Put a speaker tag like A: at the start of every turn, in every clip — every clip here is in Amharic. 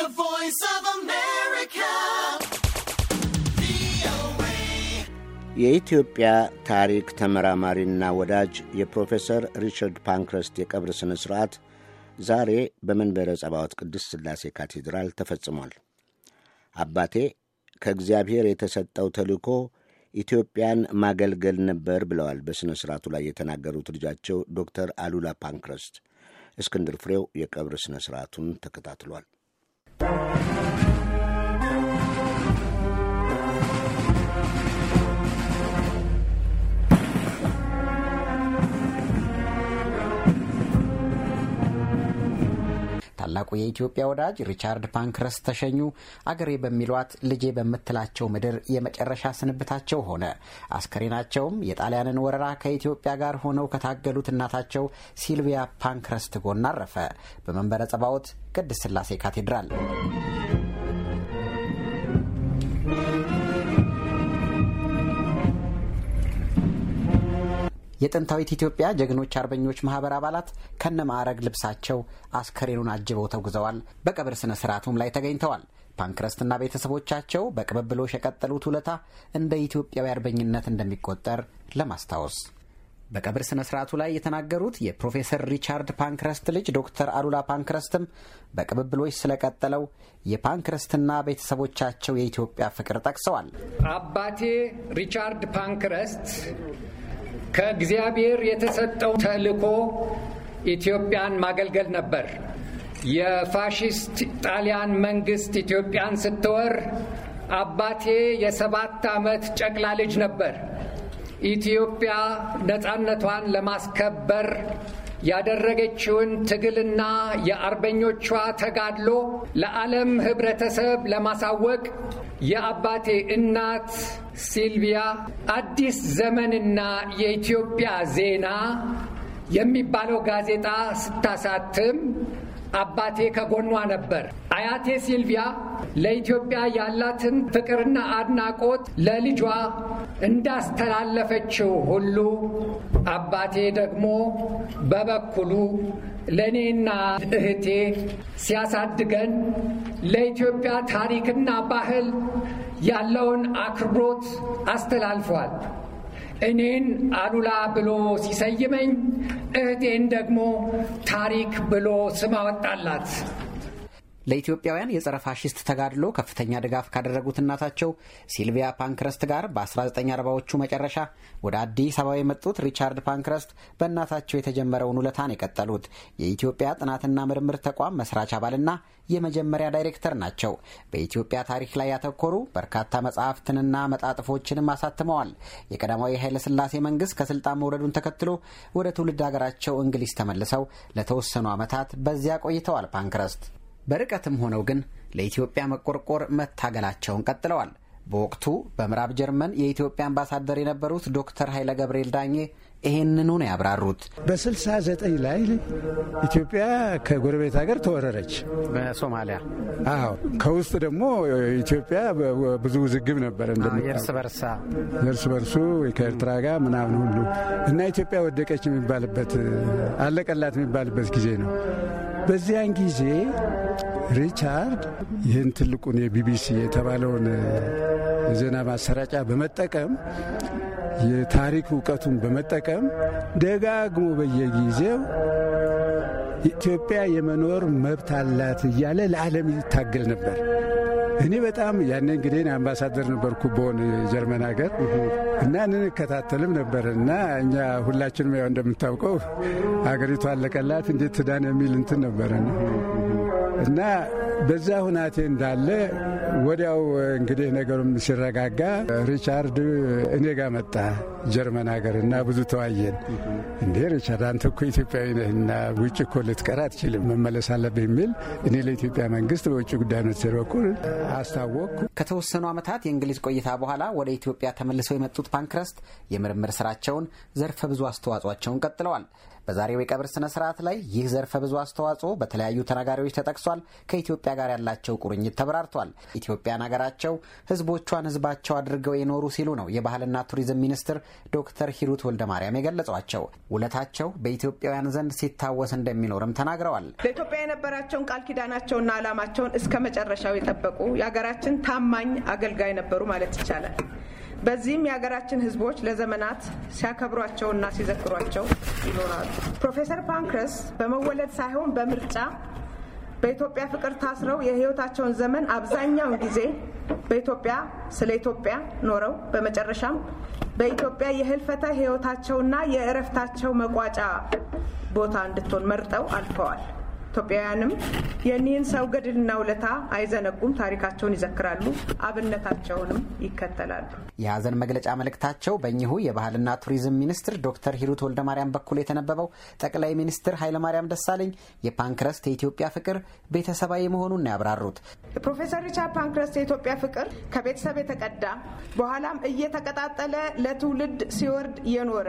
A: The Voice of America.
B: የኢትዮጵያ ታሪክ ተመራማሪና ወዳጅ የፕሮፌሰር ሪቻርድ ፓንክረስት የቀብር ሥነ ሥርዓት ዛሬ በመንበረ ጸባዖት ቅድስት ሥላሴ ካቴድራል ተፈጽሟል። አባቴ ከእግዚአብሔር የተሰጠው ተልእኮ ኢትዮጵያን ማገልገል ነበር ብለዋል በሥነ ሥርዓቱ ላይ የተናገሩት ልጃቸው ዶክተር አሉላ ፓንክረስት። እስክንድር ፍሬው የቀብር ሥነ ሥርዓቱን ተከታትሏል። Bye. ታላቁ የኢትዮጵያ ወዳጅ ሪቻርድ ፓንክረስ ተሸኙ። አገሬ በሚሏት ልጄ በምትላቸው ምድር የመጨረሻ ስንብታቸው ሆነ። አስከሬናቸውም የጣሊያንን ወረራ ከኢትዮጵያ ጋር ሆነው ከታገሉት እናታቸው ሲልቪያ ፓንክረስት ጎን አረፈ በመንበረ ጸባዖት ቅድስት ስላሴ ካቴድራል። የጥንታዊት ኢትዮጵያ ጀግኖች አርበኞች ማህበር አባላት ማዕረግ ልብሳቸው አስከሬኑን አጅበው ተጉዘዋል። በቀብር ስነ ስርዓቱም ላይ ተገኝተዋል። ፓንክረስትና ቤተሰቦቻቸው በቅብብሎሽ የቀጠሉት ውለታ እንደ ኢትዮጵያዊ አርበኝነት እንደሚቆጠር ለማስታወስ በቀብር ስነ ስርዓቱ ላይ የተናገሩት የፕሮፌሰር ሪቻርድ ፓንክረስት ልጅ ዶክተር አሉላ ፓንክረስትም በቅብብሎች ስለቀጠለው የፓንክረስትና ቤተሰቦቻቸው የኢትዮጵያ ፍቅር ጠቅሰዋል።
C: አባቴ ሪቻርድ ፓንክረስት ከእግዚአብሔር የተሰጠው ተልኮ ኢትዮጵያን ማገልገል ነበር። የፋሽስት ጣሊያን መንግስት ኢትዮጵያን ስትወር አባቴ የሰባት ዓመት ጨቅላ ልጅ ነበር። ኢትዮጵያ ነፃነቷን ለማስከበር ያደረገችውን ትግልና የአርበኞቿ ተጋድሎ ለዓለም ህብረተሰብ ለማሳወቅ የአባቴ እናት ሲልቪያ አዲስ ዘመንና የኢትዮጵያ ዜና የሚባለው ጋዜጣ ስታሳትም አባቴ ከጎኗ ነበር። አያቴ ሲልቪያ ለኢትዮጵያ ያላትን ፍቅርና አድናቆት ለልጇ እንዳስተላለፈችው ሁሉ አባቴ ደግሞ በበኩሉ ለእኔና እህቴ ሲያሳድገን ለኢትዮጵያ ታሪክና ባህል ያለውን አክብሮት አስተላልፏል። እኔን አሉላ ብሎ ሲሰይመኝ እህቴን ደግሞ ታሪክ ብሎ ስም አወጣላት።
B: ለኢትዮጵያውያን የጸረ ፋሽስት ተጋድሎ ከፍተኛ ድጋፍ ካደረጉት እናታቸው ሲልቪያ ፓንክረስት ጋር በ1940ዎቹ መጨረሻ ወደ አዲስ አበባ የመጡት ሪቻርድ ፓንክረስት በእናታቸው የተጀመረውን ውለታን የቀጠሉት የኢትዮጵያ ጥናትና ምርምር ተቋም መስራች አባልና የመጀመሪያ ዳይሬክተር ናቸው። በኢትዮጵያ ታሪክ ላይ ያተኮሩ በርካታ መጽሐፍትንና መጣጥፎችንም አሳትመዋል። የቀዳማዊ ኃይለሥላሴ መንግስት ከስልጣን መውረዱን ተከትሎ ወደ ትውልድ ሀገራቸው እንግሊዝ ተመልሰው ለተወሰኑ ዓመታት በዚያ ቆይተዋል ፓንክረስት በርቀትም ሆነው ግን ለኢትዮጵያ መቆርቆር መታገላቸውን ቀጥለዋል። በወቅቱ በምዕራብ ጀርመን የኢትዮጵያ አምባሳደር የነበሩት ዶክተር ኃይለ ገብርኤል ዳኜ ይህንኑ ነው ያብራሩት።
D: በ69 ላይ ኢትዮጵያ ከጎረቤት ሀገር ተወረረች፣ በሶማሊያ አዎ። ከውስጥ ደግሞ ኢትዮጵያ ብዙ ውዝግብ ነበረ፣ እርስ በርሳ እርስ በርሱ ከኤርትራ ጋር ምናምን ሁሉ እና ኢትዮጵያ ወደቀች የሚባልበት አለቀላት የሚባልበት ጊዜ ነው። በዚያን ጊዜ ሪቻርድ ይህን ትልቁን የቢቢሲ የተባለውን የዜና ማሰራጫ በመጠቀም የታሪክ እውቀቱን በመጠቀም ደጋግሞ በየጊዜው ኢትዮጵያ የመኖር መብት አላት እያለ ለዓለም ይታገል ነበር። እኔ በጣም ያኔ እንግዲህ አምባሳደር ነበርኩ በሆን ጀርመን ሀገር እና እንከታተልም ነበር እና እኛ ሁላችንም ያው እንደምታውቀው አገሪቱ አለቀላት እንዴት ትዳን የሚል እንትን ነበረን። እና በዛ ሁናቴ እንዳለ ወዲያው እንግዲህ ነገሩም ሲረጋጋ ሪቻርድ እኔ ጋር መጣ ጀርመን ሀገር እና ብዙ ተዋየን። እንዴ ሪቻርድ አንተ እኮ ኢትዮጵያዊ እና ውጭ እኮ ልትቀር አትችልም፣ መመለስ አለብህ የሚል እኔ ለኢትዮጵያ መንግስት በውጭ ጉዳይ ሚኒስቴር በኩል
B: አስታወቅኩ። ከተወሰኑ ዓመታት የእንግሊዝ ቆይታ በኋላ ወደ ኢትዮጵያ ተመልሰው የመጡት ፓንክረስት የምርምር ስራቸውን ዘርፈ ብዙ አስተዋጽኦቸውን ቀጥለዋል። በዛሬው የቀብር ስነ ስርዓት ላይ ይህ ዘርፈ ብዙ አስተዋጽኦ በተለያዩ ተናጋሪዎች ተጠቅሷል። ከኢትዮጵያ ጋር ያላቸው ቁርኝት ተብራርቷል። ኢትዮጵያን አገራቸው፣ ህዝቦቿን ህዝባቸው አድርገው የኖሩ ሲሉ ነው የባህልና ቱሪዝም ሚኒስትር ዶክተር ሂሩት ወልደ ማርያም የገለጿቸው። ውለታቸው በኢትዮጵያውያን ዘንድ ሲታወስ እንደሚኖርም ተናግረዋል።
E: ለኢትዮጵያ የነበራቸውን ቃል ኪዳናቸውና አላማቸውን እስከ መጨረሻው የጠበቁ የሀገራችን ታማኝ አገልጋይ ነበሩ ማለት ይቻላል። በዚህም የሀገራችን ህዝቦች ለዘመናት ሲያከብሯቸውና ሲዘክሯቸው ይኖራሉ። ፕሮፌሰር ፓንክረስ በመወለድ ሳይሆን በምርጫ በኢትዮጵያ ፍቅር ታስረው የህይወታቸውን ዘመን አብዛኛውን ጊዜ በኢትዮጵያ ስለ ኢትዮጵያ ኖረው በመጨረሻም በኢትዮጵያ የህልፈተ ህይወታቸውና የእረፍታቸው መቋጫ ቦታ እንድትሆን መርጠው አልፈዋል። ኢትዮጵያውያንም የኒህን ሰው ገድልና ውለታ አይዘነጉም፣ ታሪካቸውን ይዘክራሉ፣ አብነታቸውንም ይከተላሉ።
B: የሀዘን መግለጫ መልእክታቸው በእኚሁ የባህልና ቱሪዝም ሚኒስትር ዶክተር ሂሩት ወልደማርያም በኩል የተነበበው ጠቅላይ ሚኒስትር ኃይለማርያም ደሳለኝ የፓንክረስት የኢትዮጵያ ፍቅር ቤተሰባዊ መሆኑን ያብራሩት።
E: ፕሮፌሰር ሪቻርድ ፓንክረስት የኢትዮጵያ ፍቅር ከቤተሰብ የተቀዳ በኋላም እየተቀጣጠለ ለትውልድ ሲወርድ የኖረ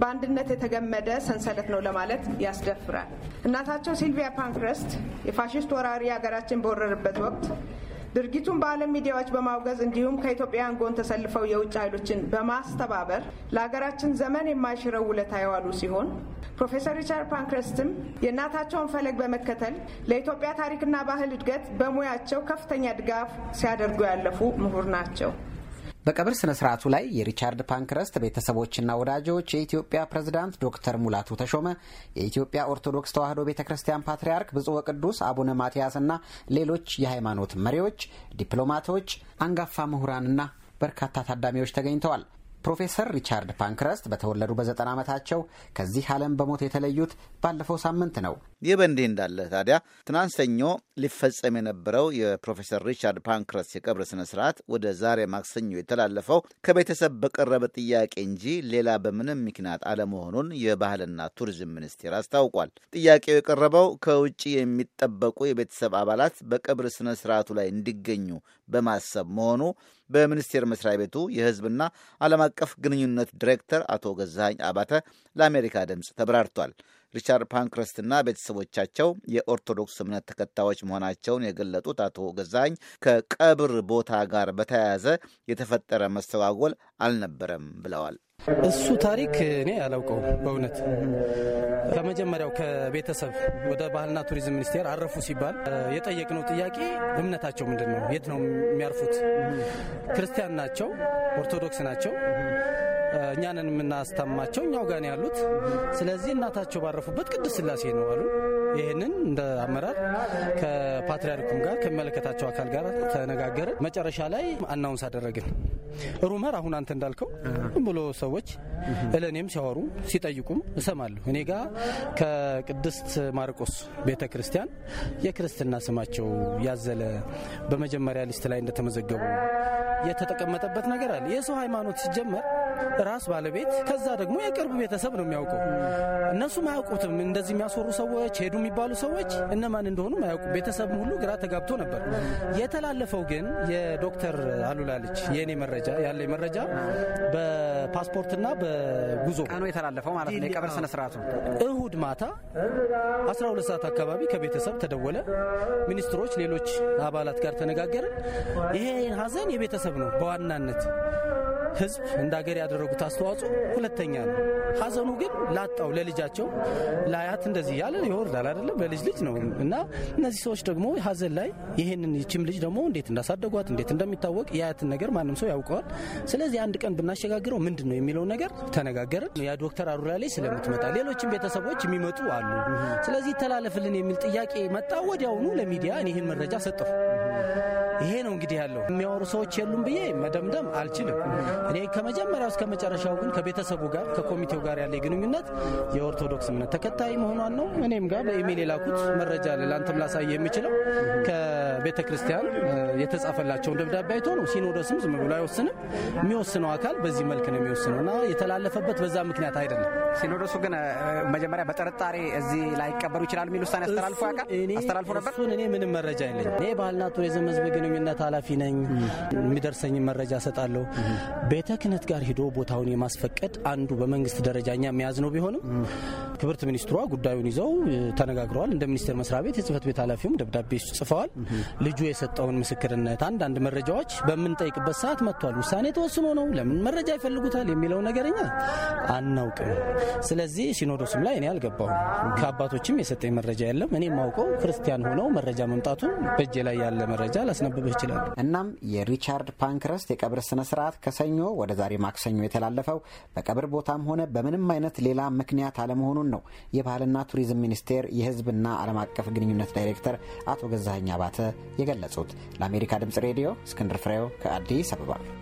E: በአንድነት የተገመደ ሰንሰለት ነው ለማለት ያስደፍራል። እናታቸው ሲልቪያ ፓንክረስት የፋሽስት ወራሪ ሀገራችን በወረረበት ወቅት ድርጊቱን በዓለም ሚዲያዎች በማውገዝ እንዲሁም ከኢትዮጵያውያን ጎን ተሰልፈው የውጭ ኃይሎችን በማስተባበር ለሀገራችን ዘመን የማይሽረው ውለታ የዋሉ ሲሆን ፕሮፌሰር ሪቻርድ ፓንክረስትም የእናታቸውን ፈለግ በመከተል ለኢትዮጵያ ታሪክና ባህል እድገት በሙያቸው ከፍተኛ ድጋፍ ሲያደርጉ ያለፉ ምሁር ናቸው።
B: በቀብር ስነ ስርዓቱ ላይ የሪቻርድ ፓንክረስት ቤተሰቦችና ወዳጆች፣ የኢትዮጵያ ፕሬዝዳንት ዶክተር ሙላቱ ተሾመ፣ የኢትዮጵያ ኦርቶዶክስ ተዋሕዶ ቤተ ክርስቲያን ፓትርያርክ ብፁዕ ወቅዱስ አቡነ ማትያስና ሌሎች የሃይማኖት መሪዎች፣ ዲፕሎማቶች፣ አንጋፋ ምሁራንና በርካታ ታዳሚዎች ተገኝተዋል። ፕሮፌሰር ሪቻርድ ፓንክረስት በተወለዱ በዘጠና ዓመታቸው ከዚህ ዓለም በሞት የተለዩት ባለፈው ሳምንት ነው። ይህ በእንዲህ እንዳለ ታዲያ ትናንት ሰኞ ሊፈጸም የነበረው የፕሮፌሰር ሪቻርድ ፓንክረስ የቀብር ስነ ስርዓት ወደ ዛሬ ማክሰኞ የተላለፈው ከቤተሰብ በቀረበ ጥያቄ እንጂ ሌላ በምንም ምክንያት አለመሆኑን የባህልና ቱሪዝም ሚኒስቴር አስታውቋል። ጥያቄው የቀረበው ከውጭ የሚጠበቁ የቤተሰብ አባላት በቀብር ስነ ስርዓቱ ላይ እንዲገኙ በማሰብ መሆኑ በሚኒስቴር መስሪያ ቤቱ የህዝብና ዓለም አቀፍ ግንኙነት ዲሬክተር አቶ ገዛኝ አባተ ለአሜሪካ ድምፅ ተብራርቷል። ሪቻርድ ፓንክረስትና ቤተሰቦቻቸው የኦርቶዶክስ እምነት ተከታዮች መሆናቸውን የገለጡት አቶ ገዛኝ ከቀብር ቦታ ጋር በተያያዘ የተፈጠረ መስተጓጎል አልነበረም ብለዋል።
A: እሱ ታሪክ እኔ አላውቀው በእውነት ከመጀመሪያው ከቤተሰብ ወደ ባህልና ቱሪዝም ሚኒስቴር አረፉ ሲባል የጠየቅነው ጥያቄ እምነታቸው ምንድን ነው? የት ነው የሚያርፉት? ክርስቲያን ናቸው፣ ኦርቶዶክስ ናቸው እኛንን የምናስታማቸው እኛው ጋን ያሉት። ስለዚህ እናታቸው ባረፉበት ቅዱስ ስላሴ ነው አሉ። ይህንን እንደ አመራር ከፓትሪያርኩም ጋር ከሚመለከታቸው አካል ጋር ተነጋገርን። መጨረሻ ላይ አናውንስ አደረግን። ሩመር አሁን አንተ እንዳልከው ብሎ ሰዎች እለኔም ሲያወሩ ሲጠይቁም እሰማለሁ። እኔ ጋ ከቅድስት ማርቆስ ቤተ ክርስቲያን የክርስትና ስማቸው ያዘለ በመጀመሪያ ሊስት ላይ እንደተመዘገቡ የተጠቀመጠበት ነገር አለ። የሰው ሃይማኖት ሲጀመር ራስ ባለቤት ከዛ ደግሞ የቅርብ ቤተሰብ ነው የሚያውቀው። እነሱም አያውቁትም። እንደዚህ የሚያስወሩ ሰዎች ሄዱ የሚባሉ ሰዎች እነማን እንደሆኑ አያውቁ። ቤተሰብ ሁሉ ግራ ተጋብቶ ነበር። የተላለፈው ግን የዶክተር አሉላ ልጅ የእኔ መረጃ ያለ መረጃ በፓስፖርትና በጉዞ ቀኑ የተላለፈው ማለት ነው። የቀብር ስነ እሁድ ማታ 12 ሰዓት አካባቢ ከቤተሰብ ተደወለ። ሚኒስትሮች፣ ሌሎች አባላት ጋር ተነጋገርን። ይሄ ሀዘን የቤተሰብ ነው በዋናነት ህዝብ እንደ ሀገር ያደረጉት አስተዋጽኦ ሁለተኛ ነው። ሀዘኑ ግን ላጣው ለልጃቸው ለአያት እንደዚህ ያለ ይወርዳል አይደለም ለልጅ ልጅ ነው እና እነዚህ ሰዎች ደግሞ ሀዘን ላይ ይህንን ይችም ልጅ ደግሞ እንዴት እንዳሳደጓት እንዴት እንደሚታወቅ የአያትን ነገር ማንም ሰው ያውቀዋል። ስለዚህ አንድ ቀን ብናሸጋግረው ምንድን ነው የሚለው ነገር ተነጋገርን። ያ ዶክተር አሩላ ላይ ስለምትመጣ ሌሎችም ቤተሰቦች የሚመጡ አሉ። ስለዚህ ተላለፍልን የሚል ጥያቄ መጣ። ወዲያውኑ ለሚዲያ ይህን መረጃ ሰጠሁ። ይሄ ነው እንግዲህ ያለው። የሚያወሩ ሰዎች የሉም ብዬ መደምደም አልችልም። እኔ ከመጀመሪያው እስከ መጨረሻው ግን ከቤተሰቡ ጋር ከኮሚቴው ጋር ያለ ግንኙነት የኦርቶዶክስ እምነት ተከታይ መሆኗን ነው። እኔም ጋር በኢሜል የላኩት መረጃ አለ። ለአንተም ላሳየ የምችለው ከቤተ ክርስቲያን የተጻፈላቸውን ደብዳቤ አይቶ ነው። ሲኖዶስም ዝም ብሎ አይወስንም። የሚወስነው አካል በዚህ መልክ ነው የሚወስነው እና የተላለፈበት በዛ ምክንያት አይደለም። ሲኖዶሱ ግን መጀመሪያ በጥርጣሬ እዚህ ላይቀበሩ ይችላሉ የሚል ውሳኔ አስተላልፎ ያውቃል አስተላልፎ ነበር። እሱን እኔ ምንም መረጃ የለኝ። እኔ ባህልና ቱሪዝም ህዝብ ግንኙነት ኃላፊ ነኝ። የሚደርሰኝ መረጃ ሰጣለሁ። ቤተ ክህነት ጋር ሂዶ ቦታውን የማስፈቀድ አንዱ በመንግስት ደረጃኛ መያዝ ነው። ቢሆንም ክብርት ሚኒስትሯ ጉዳዩን ይዘው ተነጋግረዋል። እንደ ሚኒስቴር መስሪያ ቤት የጽህፈት ቤት ኃላፊውም ደብዳቤ ጽፈዋል። ልጁ የሰጠውን ምስክርነት፣ አንዳንድ መረጃዎች በምንጠይቅበት ሰዓት መጥቷል። ውሳኔ ተወስኖ ነው ለምን መረጃ ይፈልጉታል የሚለው ነገርኛ አናውቅም። ስለዚህ ሲኖዶስም ላይ እኔ አልገባሁም። ከአባቶችም የሰጠኝ መረጃ የለም። እኔ የማውቀው ክርስቲያን ሆነው መረጃ መምጣቱን በእጄ ላይ ያለ መረጃ ላስነብብህ ይችላል። እናም የሪቻርድ ፓንክረስት የቀብር ስነስርዓት ከሰኞ ሰኞ
B: ወደ ዛሬ ማክሰኞ የተላለፈው በቀብር ቦታም ሆነ በምንም አይነት ሌላ ምክንያት አለመሆኑን ነው የባህልና ቱሪዝም ሚኒስቴር የህዝብና ዓለም አቀፍ ግንኙነት ዳይሬክተር አቶ ገዛኸኝ አባተ የገለጹት። ለአሜሪካ ድምጽ ሬዲዮ እስክንድር ፍሬው ከአዲስ አበባ